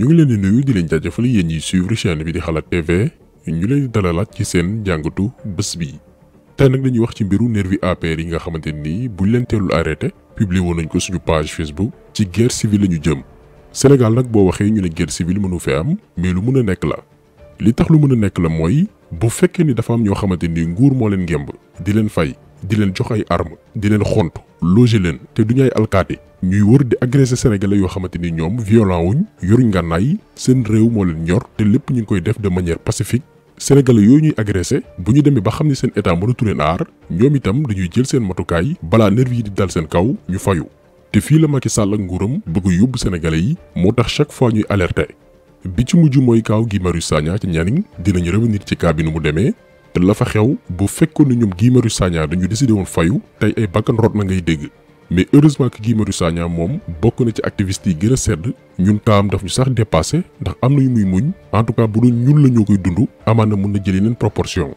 ñu ngi leen di nuyu di leen jaajëfal yéen ñi suivre chaîne bi di xalaat tv ñu leen di dalalaat ci seen jàngatu bés bi tey nag dañuy wax ci mbiru nervi APR yi nga xamante ni leen teelul arrêté publié woon nañ ko suñu page facebook ci guerre civile lañu jëm sénégal nag boo waxee ñu ne guerre civile mënu fi am mais lu mën a nekk la li tax lu mën a nekk la mooy bu fekkee ni dafa am ñoo xamante ni nguur moo leen ngemb di leen fay di leen jox ay arme di leen xont loger leen te ay ñuy wër di agressé sénégalais yoo xamante ni ñoom violent wuñ yoruñ ngànnaay seen réew moo leen ñor te lépp ñu ngi koy def de manière pacifique sénégalais yooyu ñuy agressé bu ñu demee ba xam ne seen état mënatu leen aar ñoom itam dañuy jël seen matukaay balaa nervi yi di dal seen kaw ñu fayu te fii la Macky Sall ak nguuram bëgg yóbbu sénégalais yi moo tax chaque fois ñuy alerté bi ci mujj mooy kaw gi Marius Sagna ci ñaning dinañu revenir ci cas mu demee te la fa xew bu fekkoon ne ñoom Sagna dañu décidé woon fayu tey ay bakkan rot na ngay dégg mais heureusement que Guy Marius Sagna moom bokk na ci activiste yi gën a sedd ñun taam daf ñu sax dépassé ndax am na yu muy muñ en tout cas bu doon ñun la koy dund amaan na mun na jëli leen proportion.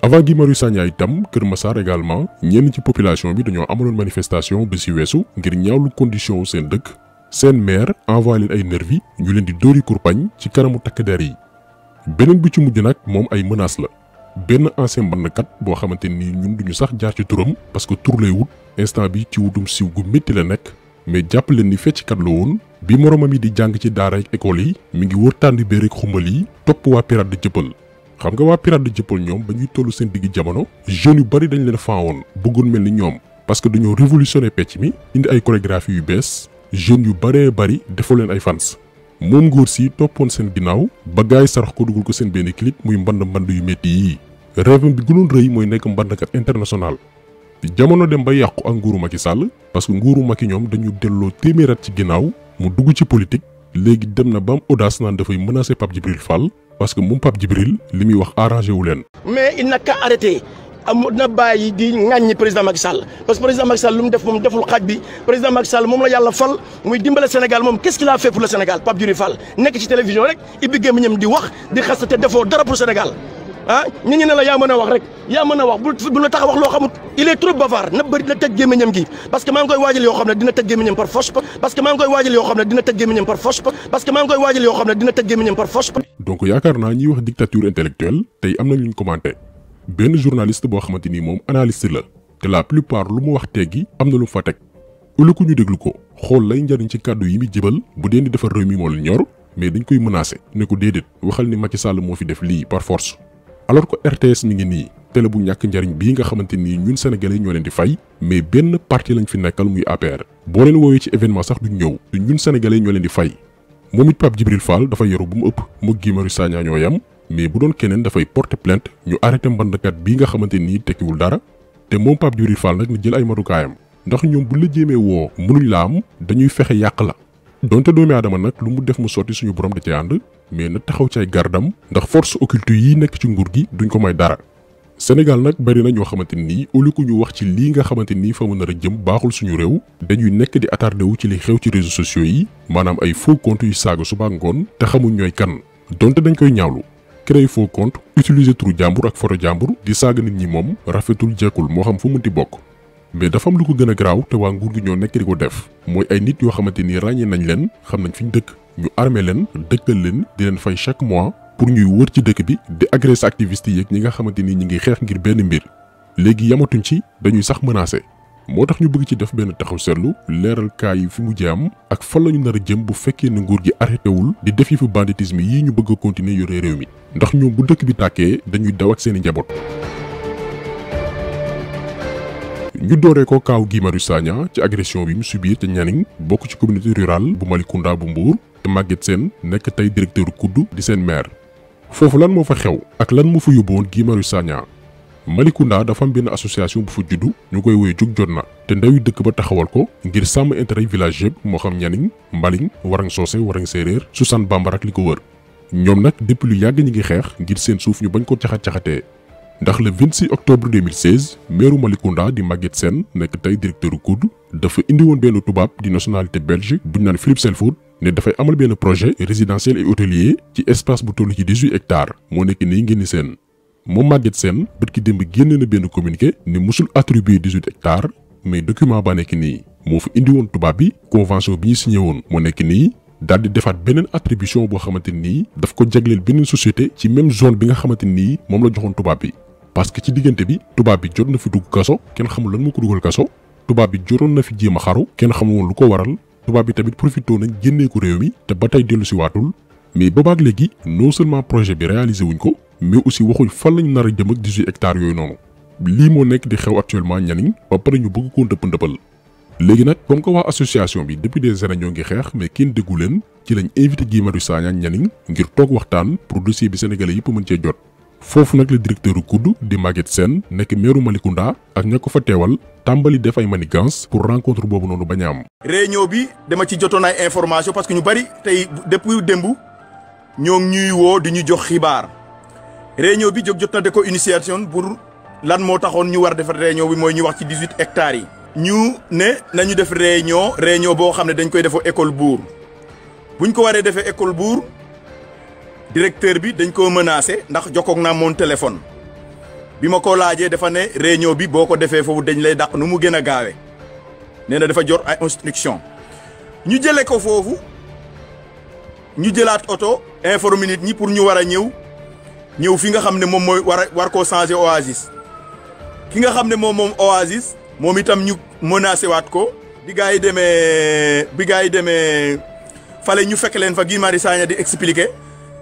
avant Guy Marius Sagna itam Kër Massar également ñenn ci population bi dañoo amaloon manifestation bi si weesu ngir ñaawlu condition seen dëkk seen maire envoyé leen ay nervi ñu leen di dóori kurpañ ci kanamu takk der yi beneen bi ci mujj nag moom ay menaces la. benn ancien mbandkat boo xamante ni ñun duñu sax jaar ci turam parce que tur lay wut instant bi ci wutum siiw gu métti la nekk mais jàpp leen ni fecckat la woon bi moroomam yi di jàng ci daara ak école yi mi ngi wër tànn bee rek xumbal yi topp waa pirate de jëppal xam nga waa pirate de jëppal ñoom ba ñuy tollu seen digg jamono jeunes yu bari dañu leen faawoon bëggoon mel ni ñoom parce que dañoo révolutionné pecc mi indi ay chorégraphie yu bees jeunes yu baree bari defoo leen ay fans moom si toppoon seen ginnaaw ba gaay sarax ko dugal ko seen benn clip muy mband mband yu métti yii rêve bi gënoon reuy moy nek mbandakat international di jamono dem ba yakku ak nguru Macky Sall parce que nguru Macky ñom dañu delloo téeméer at ci ginaaw mu dugg ci politique légui dem na bam audace nan da fay menacer Pape Jibril Fall parce que mum Pape Jibril limi wax arrangé wu len mais il n'a qu'à arrêter am na di ngagne president Macky Sall parce que président Macky Sall lum def mom deful xaj bi président Macky Sall mom la yalla fal muy dimbalé Sénégal mom qu'est-ce qu'il a fait pour le Sénégal Pape Jibril Fall nek ci télévision rek ibbi ñam di wax di xas defo dara pour Sénégal. Ah, ñi ñu ñu la ya mëna wax rek ya mëna wax bu la tax wax lo xamut il est trop bavard na bëri na tëj gémmiñam gi parce que ma ngi koy waajal yoo xam dina tegg gémmiñam par force parce que ma ngi koy waajal yoo xam dina tegg gémmiñam par force parce que ma ngi koy waajal yoo xam dina tegg gémmiñam par force donc yaakaar naa ñiy wax dictature intellectuelle tay amna na ñu commenté benn journaliste bo xamanteni mom analyste la te la plupart lu mu wax teggi amna lu mu fa teg ëllëgu ñu deglu ko xol lay njariñ ci cadeau yi muy jëbal bu den di defal réew mi moo la ñor mais dañ koy menacer ne ko dedet waxal ni Macky Sall moo fi def li par force alors que RTS mi ngi nii télé bu ñak njariñ bi nga xamanteni ñun sénégalais ñoo leen di fay mais benn parti lañ fi nekkal muy APR bo leen wowe ci événement sax du ñew ñun sénégalais ñoo leen di fay momit pap jibril fall da dafa yoru bu mu upp mu Guy Marius Sagna ñoo yam mais bu doon keneen fay porter plainte ñu arrêté mbandkat bi nga xamanteni tekki wul dara té mom pap jibril Fall nak ñu jël ay kayam ndax ñom bu la jéemee wo mënuñ la am dañuy fexé yak la donte doomi adama nak lu mu def mu soti suñu borom da ci and mais na taxaw ci ay gardam ndax force occulte yi nekk ci nguur gi duñ ko may dara Sénégal nag bari na ñoo xamante nii au ñu wax ci lii nga xamante nii fa mu nar a jëm baaxul suñu réew dañuy nekk di attardé wu ci li xew ci réseaux sociaux yi maanaam ay faux compte yu saaga suba ngoon te xamuñ ñooy kan donte dañ koy ñaawlu créer faux compte utiliser turu jàmbur ak photo jàmbur di saaga nit ñi moom rafetul jekkul moo xam fu mënti bokk mais dafa lu ko gën a garaaw te waa nguur gi ñoo nekk di ko def mooy ay nit yoo xamante ni ràññee nañ leen xam nañ fi ñu dëkk ñu armé leen dëkkal leen di leen fay chaque mois pour ñuy wër ci dëkk bi di agressé activistes yeeg ñi nga xamante ni ñi ngi xeex ngir benn mbir léegi yamatuñ ci dañuy sax menacé moo tax ñu bëgg ci def benn taxaw seetlu leeral yi fi mu am ak fan la ñu nar a jëm bu fekkee ni nguur gi arrêté wul di def yëfu banditisme yii ñu bëgg a continuer réew mi ndax ñoom bu dëkk bi tàkkee dañuy daw ak seeni njaboot. ñu doore ko kaw gi Marius Sagna ci agression bi mu subir ca Nianing bokk ci communauté rurale bu Malicounda bu Mbour Maguette seen nekk tey directeur kudd di seen maire foofu lan moo fa xew ak lan moo fa yóbboon Guy Marius Sagna Malicounda dafa am benn association bu fa juddu ñu koy woy jug jot na te ndew ndawi dëkk ba taxawal ko ngir sàmm intérêt village yëpp moo xam ñaniñ mbaliñ warang soose warang séeréer susaan bambara ak li ko wër ñoom nag depuis lu yàgg ñi ngi xeex ngir seen suuf ñu bañ ko caxat-caxatee ndax le 26 octobre 2016 meeru Malicounda di Maguette seen nekk tey directeur u dafa indi woon benn tubaab di nationalité belge buñ naan Philippe Selfoud ne dafay amal ben projet résidentiel et hôtelier ci espace bu toll ci 18 hectares mo nek ni ngeen ni seen moom Maguette Sène bët ki démb génne na communiqué ne musul attribuer 18 hectares mais document ba nekk nii moo fi indi won tubaab bi convention bi signé won mo nek ni dal di defat benen attribution bo xamanteni nii daf ko jagleel benen société ci même zone bi nga xamanteni nii moom la joxon tubaab bi parce que ci diggante bi tubaab bi jot na fi dug kasso ken xamul lan moko dugal kasso tubaab bi jotoon na fi jima xaru ken xamul lu ko waral tubaab bi tamit profité nañ génnee ko réew mi te ba tey dellu si waatul mais boobaak léegi non seulement projet bi réalisé wuñ ko mais aussi waxuñ fan lañ nar a jëm ak 18 yooyu noonu lii moo nekk di xew actuellement ñaniñ ba pare ñu bëgg koo ndëpp ndëppal léegi nag comme que waa association bi depuis des ñoo ngi xeex mais kenn déggu leen ci lañ invité Guy Marius Sagna ñaniñ ngir toog waxtaan pour bi sénégalais yëpp mën cee jot foofu nag la directeuru COUD di Maguette Sène nekk meeru Malicounda ak ña ko fa teewal tàmbali def ay manigance pour rencontre boobu noonu bañ a am. réunion bi dama ci jotoon ay information parce que ñu bari tey depuis démb ñoo ñuy woo di ñu jox xibaar réunion bi jóg jot na de ko initiation buur lan moo taxoon ñu war defar réunion bi mooy ñu wax ci dix-huit yi. ñu ne nañu def réunion réunion boo xam ne dañ koy defoo école buur buñ ko waree defee école buur. directeur bi dañ menacé ndax jokkoog na mon téléphone bi ma ko dafa né réunion bi boko défé fofu dañ lay nu a dafa jor instruction ñu jëlé ko fofu ñu jëlat auto Il ñi pour ñu wara ñëw ñëw fi nga a changer oasis ki nga menacé Il ko bi gaay bi expliquer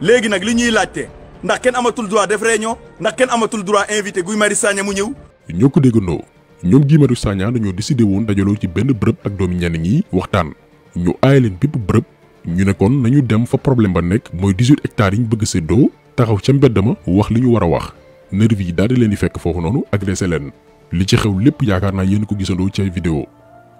léegi nag li ñuy laajte ndax kenn amatul droit def réunion ndax kenn amatul droit invité Guy Marius Sagna mu ñëw. ñoo ko déggandoo ñoom Guy Marius Sagna dañoo décidé woon dajaloo ci benn bërëb ak doomi ñenn ñi waxtaan ñu aaye leen bépp bërëb ñu ne kon nañu dem fa problème ba nekk mooy 18 hectares yi ñu bëgg séddoo taxaw ca mbedd ma wax li ñu war a wax nervi yi daal di leen di fekk foofu noonu agressé leen li ci xew lépp yaakaar naa yéen ko gisandoo ci ay vidéo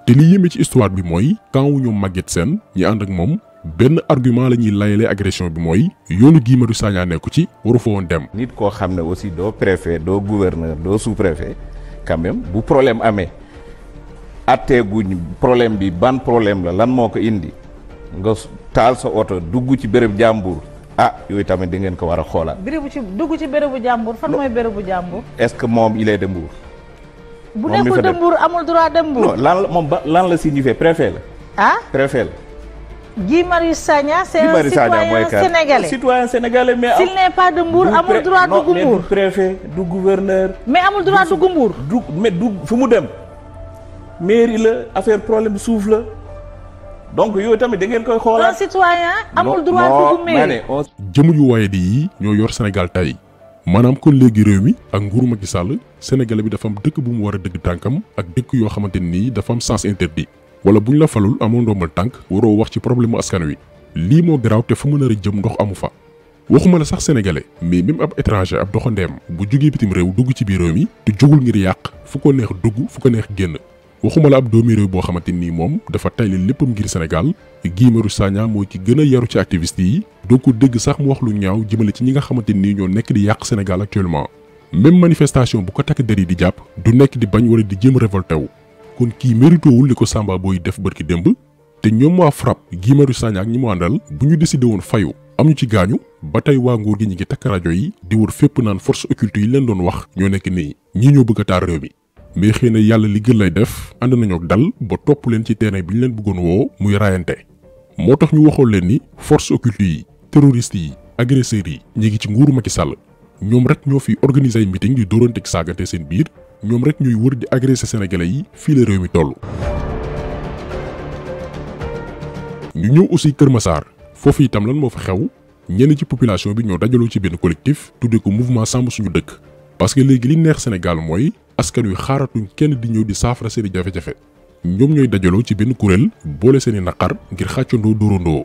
te li yéeme ci histoire bi mooy quand wu ñoom Maguette Sène ñi ànd ak moom ben argument la ñuy layalee agression bi moy yoonu gi madou Sagna nekku ci waru fa woon dem. nit ko xamné aussi do préfet do gouverneur do sous préfet quand même bu problème até guñ problème bi ban problème la lan moko indi nga tal sa auto duggu ci bërepp jambour ah yoy tamé di ngeen ko wara xolal bërepp ci duggu ci bërepp jambour fan moy bërepp jambour est ce que moom il est de Mbour. bu nekk de Mbour amul droit de Mbour. non lan mom lan la signifier préfet la. ah préfet Guy c'est un citoyen sénégalais citoyen sénégalais mais s'il n'est pas de Mbour amul droit du préfet du gouverneur mais amul droit dugg Mbour mais du fu mu dem mairie la affaire problème suuf la donc yooyu tamit da ngeen koy un citoyen amul droit yu di ñoo yor Sénégal tey maanaam kon léegi réew mi ak nguuru Macky Sall Sénégal bi dafa am dëkk bu mu dëgg ak dëkk dafa am sens interdit wala buñ la falul amoo ndombal tànk waroo wax ci problème mu askan wi lii moo garaaw te fu mu nar a jëm ndox amu fa waxuma la sax sénégalais mais même ab étranger ab doxandeem bu jógee bitim réew dugg ci biir réew mi te jógul ngir yàq fu ko neex dugg fu ko neex génn waxuma la ab doomi réew boo xamante nii moom dafa tayli léppam ngir Sénégal giimaru Marius Sagna moo ci gën a yaru ci activiste yi doo ko dégg sax mu wax lu ñaaw jëmale ci ñi nga xamante nii ñoo nekk di yàq Sénégal actuellement même manifestation bu ko takk der yi di jàpp du nekk di bañ wala di jéem révolté wu kon ki méritowul wul liko Samba Boy def barki demb te ñom wa frap gi maru sañak ñi mo andal bu ñu décidé won fayu am ci gañu ba gi ñi ngi tak radio yi di wër fep naan force occulte yi leen doon wax ño nek ni ñi ñoo bëgg a réew mi mais xëy li gën lay def and nañu dal ba top leen ci terrain bi ñu leen bëggoon wo muy rayanté motax ñu waxol leen ni force occulte yi terroriste yi agresseur yi ñi ngi ci nguuru Macky Sall ñom rek ñoo organiser meeting di doronté ci sagaté seen biir ñom rek ñuy wër di agresser sénégalais yi fi le réew mi tollu ñu ñëw aussi Kër Massar fofu itam lan mo fa xew ñenn ci population bi ñoo dajaloo ci benn collectif tuddee ko mouvement sàmm suñu dëkk parce que légui li neex Sénégal moy askan wi xaaratuñ kenn di ñëw di saafara seeni jafé jafé ñom ñoy dajaloo ci benn kuréel bolé seeni nakar ngir xaccu xàccandoo dóorandoo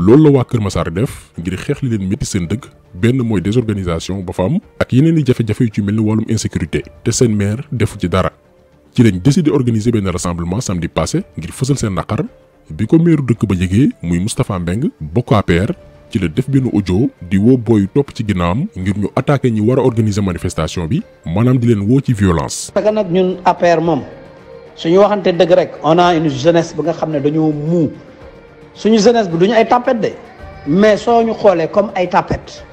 loolu la waa Kër Massar def ngir xeex li leen métti seen de désorganisation ba fa ak yeneen i jafe-jafe ci mel ni insécurité décidé organiser un rassemblement samedi passé ngir fësal seen naqar bi ko ba Moustapha Mbeng bokk APR ci la def benn audio di woo booy topp ci ngir ñu attaqué ñi a organiser manifestation bi maanaam di leen violence. on a une jeunesse suñu jeunesse bi duñu ay tapette de mais soo ñu xoolee comme ay tapette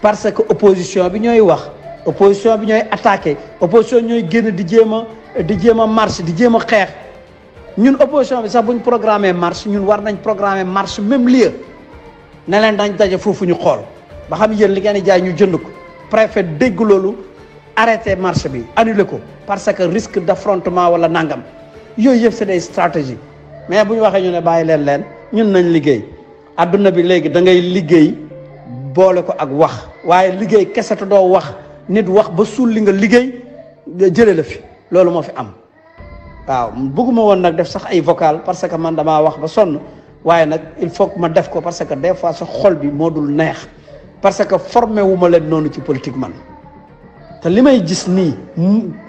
parce que opposition bi ñooy wax opposition bi ñooy attaqué opposition ñooy génn di jéem a di jéem a marche di jéem a xeex ñun opposition bi sax buñ programmé marche ñun war nañ programmé marche même lieu ne leen dañ daje foofu ñu xool ba xam yéen li ngeen jaay ñu jënd ko préfet dégg loolu arrêté marche bi annulé ko parce que risque d'affrontement wala nangam yooyu yëpp c'est des stratégies mais bu ñu waxee ñu ne bàyyi leen leen ñun nañ liggéey adduna bi léegi da ngay liggéey boole ko ak wax waaye liggéey kese te doo wax nit wax ba suul li nga liggéey jële la fi loolu moo fi am waaw bëgguma woon nag def sax ay vocal parce que man damaa wax ba sonn waaye nag il faut ma def ko parce que des fois sa xol bi moo dul neex parce que formé wu ma leen noonu ci politique man te li may gis nii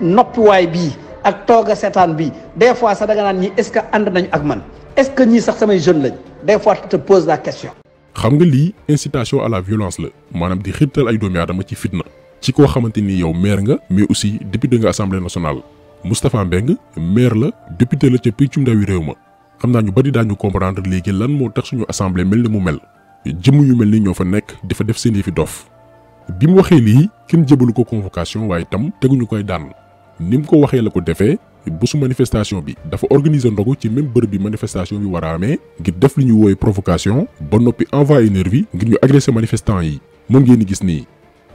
noppiwaay bii ak toog a seetaan bi des fois sax da nga naan ñi est-ce que ànd nañu ak man est-ce que ñii sax samay jeune lañ des fois tu te poses la question. xam nga lii incitation à la violence la maanaam di xirtal ay doomi aadama ci fitna ci koo xamante ni yow maire nga mais aussi député nga assemblée nationale Moustapha Mbeng maire la député la ca pencum ndawi réew ma xam naa ñu bari daañu comprendre léegi lan moo tax suñu assemblée mel ni mu mel jëmm yu mel ni ñoo fa nekk di fa def seen yëfi dof bi mu waxee lii kenn jëbalu ko convocation waaye tam teguñu koy daan nim ko waxé lako défé defee manifestation bi dafa organiser ndogu ci même bërëb bi manifestation bi war a ngir def liñu woy provocation ba noppi une nervi ngir ñu agresser manifestant yi mo ngeen di gis ni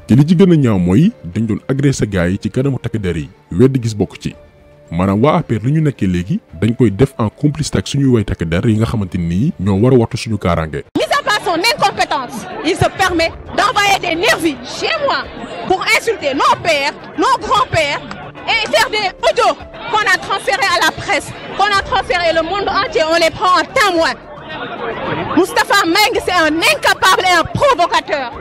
te li ci gëna ñaaw moy dañ doon agresser gaay yi ci kanamu tak der yi wedd gis bokku ci manam wa APR liñu nekké légui dañ koy def en complicité ak suñu way tak der yi nga xamante nii ñoo war a wattu suñu kaaraange son incompétence, il se permet d'envoyer des nervis chez moi pour insulter nos pères, nos grands presse qu'on a transféré le monde entier, on les prend en témoin. Mustapha Meng, c'est un incapable et un provocateur.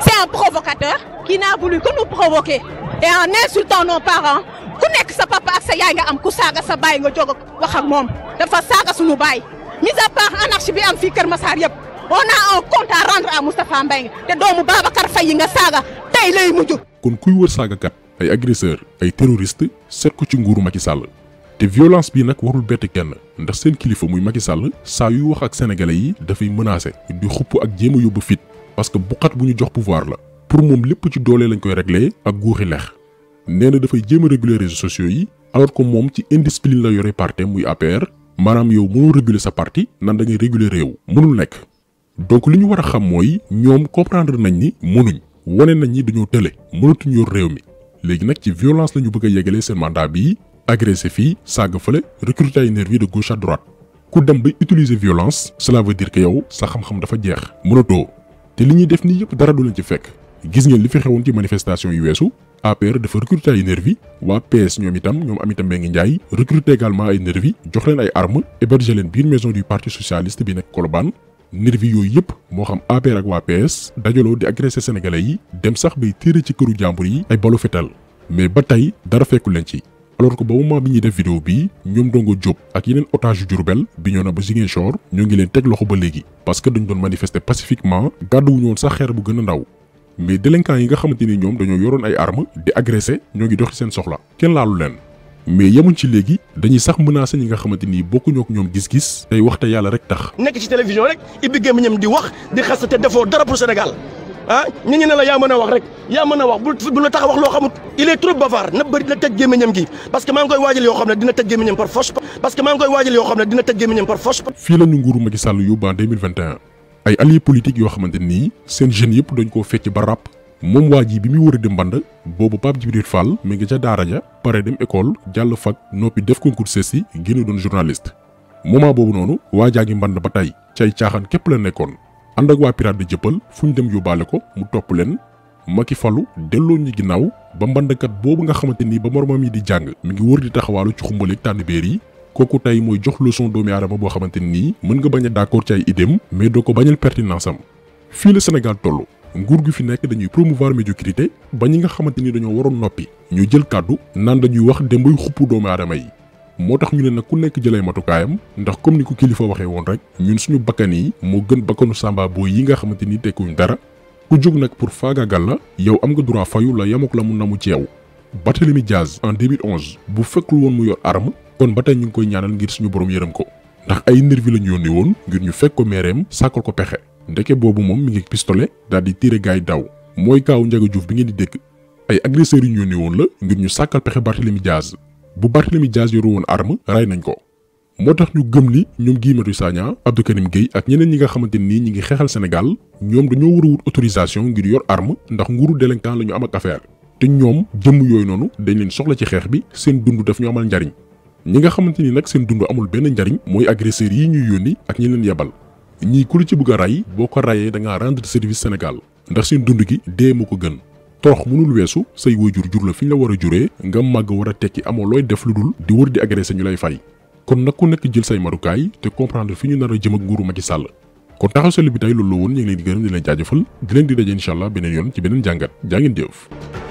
C'est un provocateur qui n'a voulu que nous provoquer. Et en insultant nos parents, ku nekk sa papa ak sa yaay nga am ku saaga sa baay nga jóg wax ak moom dafa saaga suñu baye. Mis à part anarchie bi am fi Kër Massar yëpp on a un compte à rendre à Moustapha Mbengue te doomu Babacar Faye yi nga saga, tey lay mujj. kon kuy saga kat, ay agresseur ay terroriste seet ko ci nguuru Macky Sall les violence bi nak warul bett kenn ndax sen kilifa muy Macky Sall sa yu wax ak sénégalais yi dafay menacer di xupp ak parce que bu buñu jox pouvoir la pour mom lepp ci lañ koy régler ak réseaux sociaux yi alors que mom ci indiscipline la yoré parti muy APR manam yow réguler sa parti nan da ngay réguler mënul donc liñu wara xam moy ñom comprendre nañ ni mënuñ nañ ni dañu yor réew mi légui nak ci violence lañu bëgg mandat agressé fii saaga fële recruter une nervi de gauche à droite ku dem bay utiliser violence cela veut dire que yow sa xam-xam dafa jeex mënatoo te li ñuy def nii yëpp dara du leen ci fekk gis ngeen li fi xewoon ci manifestation yu weesu APR dafa recruter une nervi waa PS ñoom itam ñoom Aminata Mbengue Ndiaye recruter également une nervi jox leen ay armes héberger leen une maison du parti socialiste bi nekk nervi yooyu yëpp moo xam APR ak waa PS dajaloo di agressé sénégalais yi dem sax bay téere ci këru jàmbur yi ay balu fetal mais batay dara fekkul leen ci alors que ba moment bi ñuy def vidéo bi ñoom Ndongo job ak yeneen otage jurbel Diourbel bi ñoo na ba Ziguinchor ñu ngi leen teg loxo ba léegi parce que duñ doon manifester pacifiquement gàdduwuñu woon sa xeer bu gëna ndaw mais délinquants yi nga xamanteni ñom ñoom dañoo yoroon ay armes di agresser ñoo ngi doxi seen soxla kenn laalu leen mais yemuñ ci léegi dañuy sax menacer ñi nga xamanteni bokku ñok ñom gis-gis tey waxta yalla rek tax nek ci télévision rek ibbi ñam di wax di xas te defoo dara pour Sénégal ah ñu la ya mëna wax rek ya mëna wax bu tax wax il est trop bavard na gi parce que dina par force parce que dina par force la ñu en 2021 ay alliés politiques yo xamanteni dañ ko fecc ba rap moom waji bi mi dem Fall mi ngi ca ja école fak nopi def concours ceci gënë doon journaliste moment bobu nonu waa gi mband ba àndak ak waa Pirates de Jëppal fu ñu dem yóbbaale ko mu topp leen Macky falu delloo ñu ginnaaw ba mbandkat boobu nga xamante ni ba moromam yi di jàng mu ngi wër di taxawaalu ci xumbaleeg tànn béer yi kooku tey mooy jox leçon doomi aadama boo xamante nii mën nga bañ a d'accord ci ay idéem mais doo ko bañal pertinence am fii la Sénégal toll nguur gi fi nekk dañuy promouvoir médiocrité ba ñi nga xamante ni dañoo waroon noppi ñu jël kàddu naan dañuy wax démbuy xuppu doomi aadama yi moo tax ñu ne nag ku nekk jëlay matukaayam ndax comme ni ko kilifa waxee woon rek ñun suñu bakkan yi moo gën bakkanu Samba Boy yi nga xamante ni tekkuñ dara ku jóg nag pour faagaagal la yow am nga droit fayu la yamuk la mu namu ci yow Barthélémy Diaz en 2011 bu fekkul woon mu yor arme kon ba tey ñu ngi koy ñaanal ngir suñu borom yërëm ko ndax ay nervi la ñu yónni woon ngir ñu fekk ko meereem sàkkal ko pexe ndeke boobu moom mi ngi pistolet daal di tiire gaay daw mooy kaaw Ndiaga Diouf bi ngeen di dëkk ay agresseurs yu ñu yónni la ngir ñu sàkkal pexe Barthélémy Diaz bu Barthélemy Dias yoru woon arme ray nañ ko moo tax ñu gëm ni ñoom Guy Marius Sagna Abdou Karim Gueye ak ñeneen ñi nga xamante nii ñi ngi xeexal Sénégal ñoom dañoo war a autorisation ngir yor arme ndax nguuru délinquant la ñu am ak affaire te ñoom jëmm yooyu noonu dañ leen soxla ci xeex bi seen dund daf ñu amal njariñ ñi nga xamante ni nag seen dund amul benn njariñ mooy agresseurs yi ñuy yónni ak ñi leen yebal ñii ku la ci bëgg a ray boo ko rayee da ngaa rendre service Sénégal ndax seen dund gi dee mu ko gën torox mënul weesu say waajur jur la fi ñu la war a jure nga màgg war a tekki amoo looy def lu dul di wër di agressé sañu lay fay kon nag ku nekk jël say marukaay te comprendre fi ñu nar a jëm ak nguuru Macky Sall kon taxaw seetlu bi tey loolu la woon ñu ngi di gërëm di leen jaajëfal di leen di daje incha beneen yoon ci beneen jàngat jaa ngeen jëf